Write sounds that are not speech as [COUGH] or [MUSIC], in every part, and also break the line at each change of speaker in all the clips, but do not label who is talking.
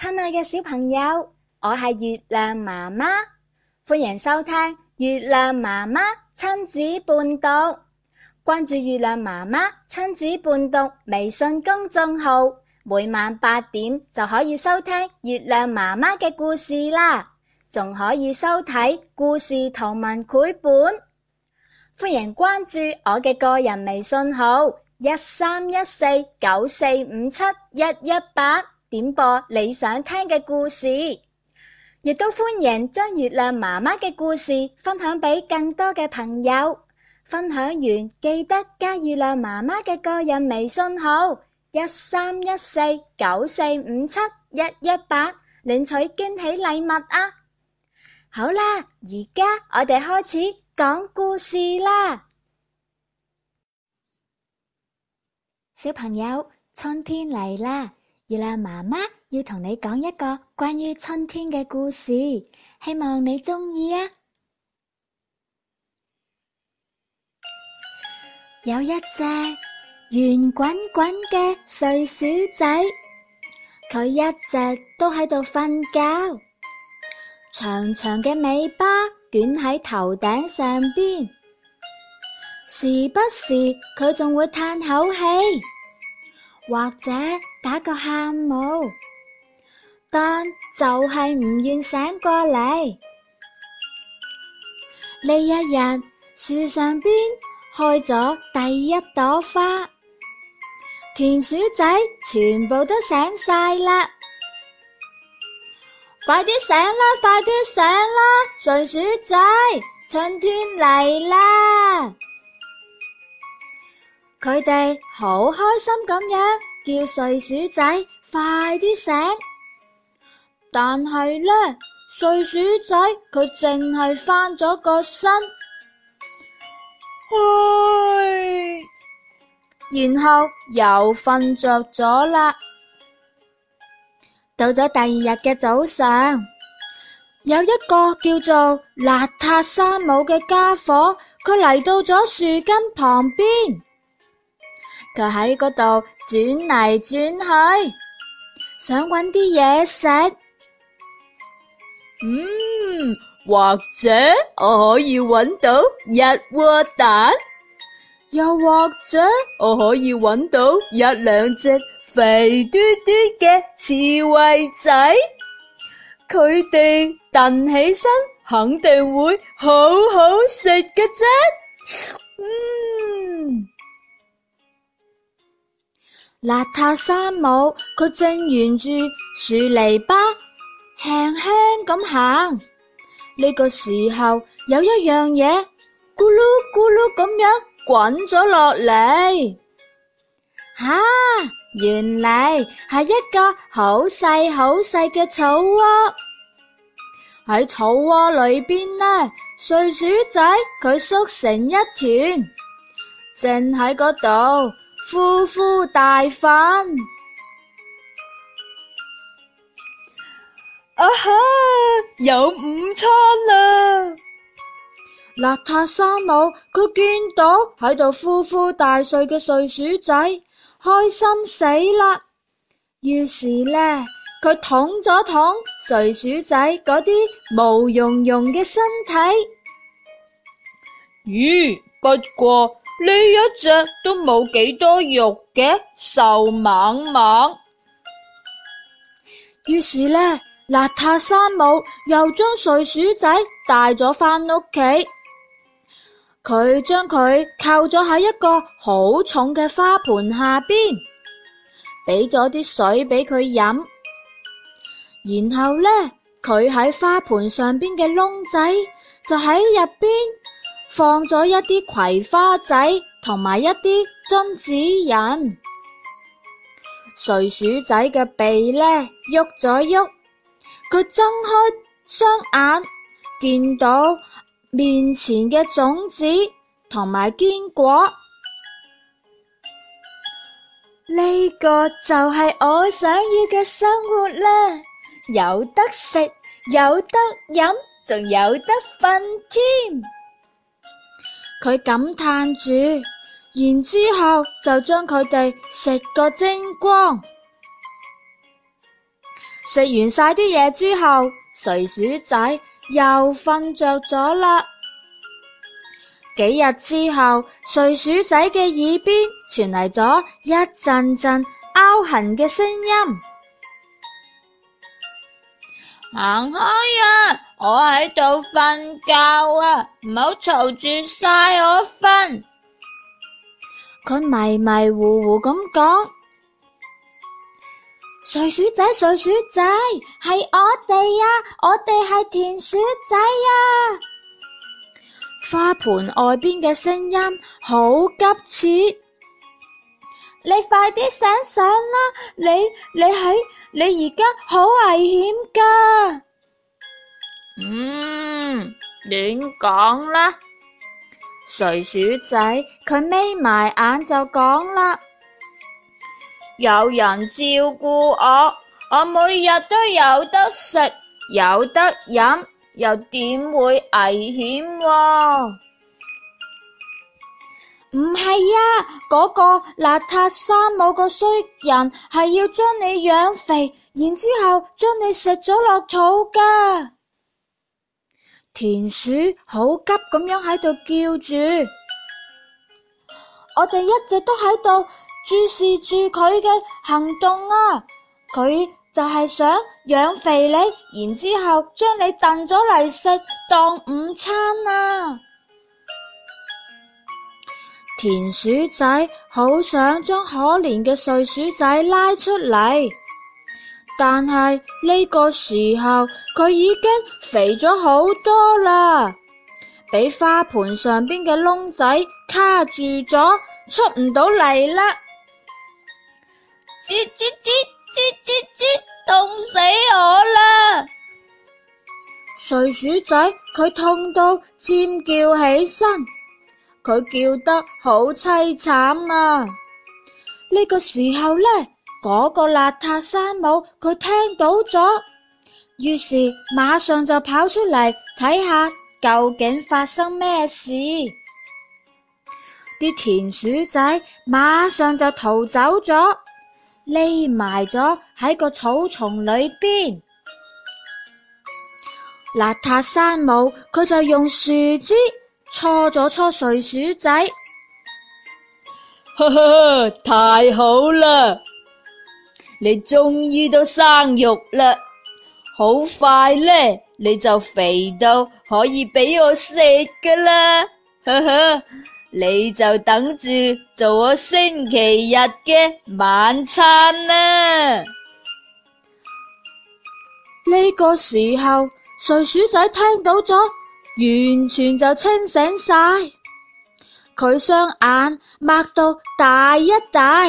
親愛嘅小朋友，我係月亮媽媽，歡迎收聽月亮媽媽親子伴讀。關注月亮媽媽親子伴讀微信公眾號，每晚八點就可以收聽月亮媽媽嘅故事啦，仲可以收睇故事圖文繪本。歡迎關注我嘅個人微信號：一三一四九四五七一一八。點播你想聽嘅故事，亦都歡迎將月亮媽媽嘅故事分享俾更多嘅朋友。分享完記得加月亮媽媽嘅個人微信號：一三一四九四五七一一八，領取驚喜禮物啊！好啦，而家我哋開始講故事啦。小朋友，春天嚟啦！月亮媽媽要同你講一個關於春天嘅故事，希望你中意啊！ [NOISE] 有一隻圓滾滾嘅睡鼠仔，佢一直都喺度瞓覺，長長嘅尾巴捲喺頭頂上邊，時不時佢仲會嘆口氣。或者打個喊露，但就係唔願醒過嚟。呢一日樹上邊開咗第一朵花，田鼠仔全部都醒晒啦！ [NOISE] 快啲醒啦！快啲醒啦！睡鼠仔，春天嚟啦！佢哋好開心咁樣叫睡鼠仔快啲醒，但係呢，睡鼠仔佢淨係翻咗個身，哎，然後又瞓着咗啦。到咗第二日嘅早上，有一個叫做邋遢山姆嘅家伙，佢嚟到咗樹根旁邊。佢喺嗰度轉嚟轉去，想搵啲嘢食。嗯，或者我可以搵到一窩蛋，又或者我可以搵到一兩隻肥嘟嘟嘅刺猬仔，佢哋燉起身肯定會好好食嘅啫。嗯。邋遢山姆佢正沿住樹籬笆輕輕咁行，呢個時候有一樣嘢咕嚕咕嚕咁樣滾咗落嚟，吓、啊，原來係一個好細好細嘅草窩。喺草窩裏邊呢，睡鼠仔佢縮成一團，正喺嗰度。呼呼大瞓，啊哈！有午餐啦！邋遢山姆佢見到喺度呼呼大睡嘅睡鼠仔，開心死啦！於是呢，佢捅咗捅睡鼠仔嗰啲毛茸茸嘅身體。咦？不過。呢一隻都冇幾多肉嘅，瘦蜢蜢。於是呢，邋遢山姆又將睡鼠仔帶咗返屋企。佢將佢扣咗喺一個好重嘅花盆下邊，俾咗啲水俾佢飲。然後呢，佢喺花盆上邊嘅窿仔就喺入邊，放咗一啲葵花仔同埋一啲榛子仁，睡鼠仔嘅鼻呢喐咗喐，佢睜開雙眼，見到面前嘅種子同埋堅果，呢個就係我想要嘅生活啦！有得食，有得飲，仲有得瞓添。佢感嘆住，然之後就將佢哋食個精光。食完晒啲嘢之後，睡鼠仔又瞓着咗啦。幾日之後，睡鼠仔嘅耳邊傳嚟咗一陣陣拗痕嘅聲音。行開啊，我喺度瞓覺啊，唔好嘈住晒我瞓。佢迷迷糊糊咁講：睡鼠仔，睡鼠仔，係我哋啊！我哋係田鼠仔啊！花盆外邊嘅聲音好急切，你快啲醒醒啦！你你喺。你而家好危險噶，嗯，點講啦？睡鼠仔佢眯埋眼就講啦，有人照顧我，我每日都有得食有得飲，又點會危險？唔係呀，嗰、啊那個邋遢衫帽個衰人係要將你養肥，然之後將你食咗落肚噶。田鼠好急咁樣喺度叫住，我哋一直都喺度注視住佢嘅行動啊！佢就係想養肥你，然之後將你燉咗嚟食當午餐啊！田鼠仔好想將可憐嘅睡鼠仔拉出嚟，但係呢個時候，佢已經肥咗好多啦，俾花盆上邊嘅窿仔卡住咗，出唔到嚟啦！吱吱吱，吱吱吱，痛死我啦！睡鼠仔佢痛到尖叫起身。佢叫得好淒慘啊！呢個時候呢，嗰個邋遢山姆佢聽到咗，於是馬上就跑出嚟，睇下究竟發生咩事。啲田鼠仔馬上就逃走咗，匿埋咗喺個草叢裏邊。邋遢山姆佢就用樹枝。搓咗搓，睡鼠仔，呵呵呵，太好啦，你終於都生肉啦，好快咧，你就肥到可以俾我食噶啦，呵呵，你就等住做我星期日嘅晚餐啦。呢個時候，睡鼠仔聽到咗。完全就清醒晒，佢雙眼擘到大一大，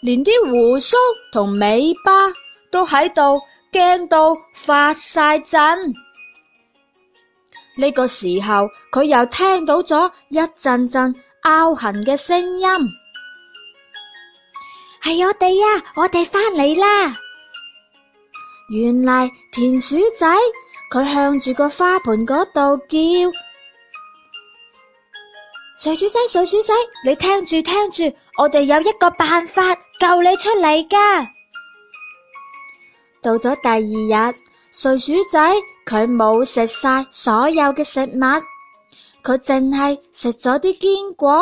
連啲鬍鬚同尾巴都喺度驚到發晒震。呢個時候佢又聽到咗一陣陣拗痕嘅聲音，係我哋呀、啊，我哋返嚟啦！原來田鼠仔。佢向住個花盆嗰度叫：睡鼠仔，睡鼠仔，你聽住，聽住，我哋有一個辦法救你出嚟噶。到咗第二日，睡鼠仔佢冇食晒所有嘅食物，佢淨係食咗啲堅果。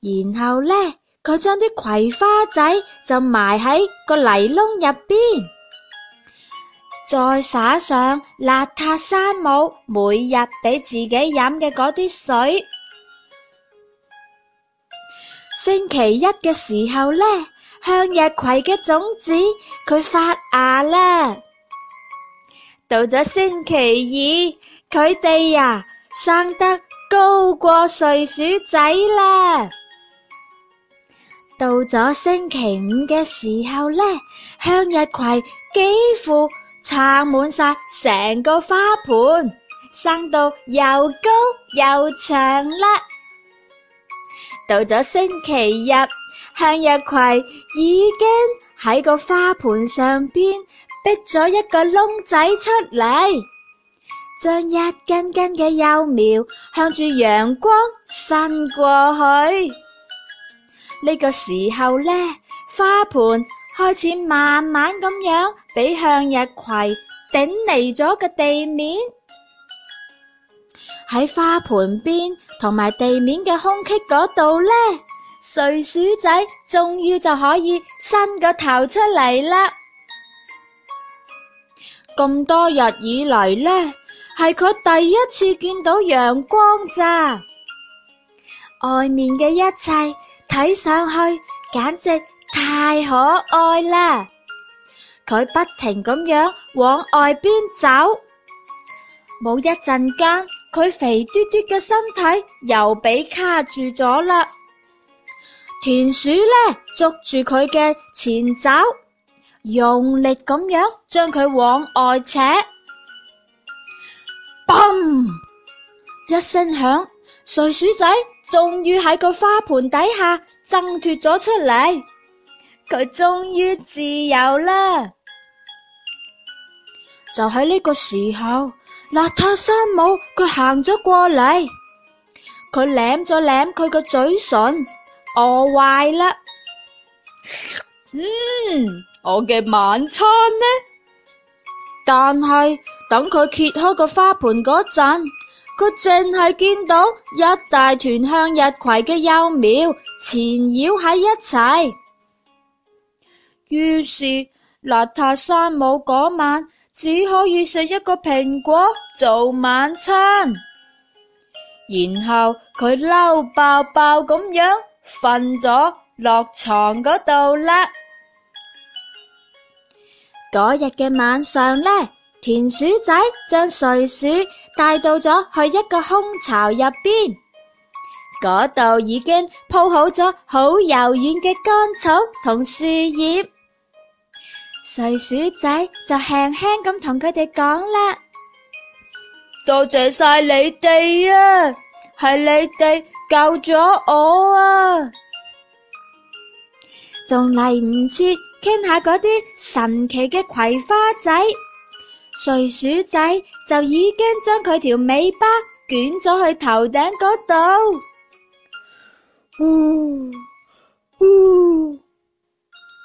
然後呢，佢將啲葵花仔就埋喺個泥窿入邊。再灑上邋遢山姆每日俾自己飲嘅嗰啲水，星期一嘅時候呢，向日葵嘅種子佢發芽啦。到咗星期二，佢哋呀，生得高過睡鼠仔啦。到咗星期五嘅時候呢，向日葵幾乎。撐滿晒成個花盆，生到又高又長啦。到咗星期日，向日葵已經喺個花盆上邊逼咗一個窿仔出嚟，將一根根嘅幼苗向住陽光伸過去。呢、這個時候呢，花盆。開始慢慢咁樣俾向日葵頂離咗嘅地面，喺花盆邊同埋地面嘅空隙嗰度呢，睡鼠仔終於就可以伸個頭出嚟啦。咁多日以嚟呢，係佢第一次見到陽光咋。外面嘅一切睇上去簡直～太可愛啦！佢不停咁樣往外邊走，冇一陣間，佢肥嘟嘟嘅身體又俾卡住咗啦。田鼠呢，捉住佢嘅前爪，用力咁樣將佢往外扯，嘣！一聲響，睡鼠仔終於喺個花盆底下掙脫咗出嚟。佢終於自由啦！就喺呢個時候，邋遢山姆佢行咗過嚟，佢舐咗舐佢個嘴唇，餓壞啦。嗯，我嘅晚餐呢？但係等佢揭開個花盆嗰陣，佢淨係見到一大團向日葵嘅幼苗纏繞喺一齊。於是邋遢山姆嗰晚只可以食一個蘋果做晚餐，然後佢嬲爆爆咁樣瞓咗落床嗰度啦。嗰日嘅晚上呢，田鼠仔將睡鼠帶到咗去一個空巢入邊，嗰度已經鋪好咗好柔軟嘅乾草同樹葉。睡鼠仔就輕輕咁同佢哋講啦，多謝晒你哋啊，係你哋救咗我啊，仲嚟唔切傾下嗰啲神奇嘅葵花仔，睡鼠仔就已經將佢條尾巴捲咗去頭頂嗰度。嗚嗚、嗯。嗯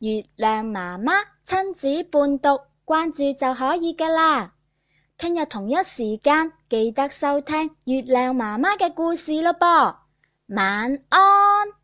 月亮媽媽親子伴讀，關注就可以㗎啦。聽日同一時間記得收聽月亮媽媽嘅故事咯噃。晚安。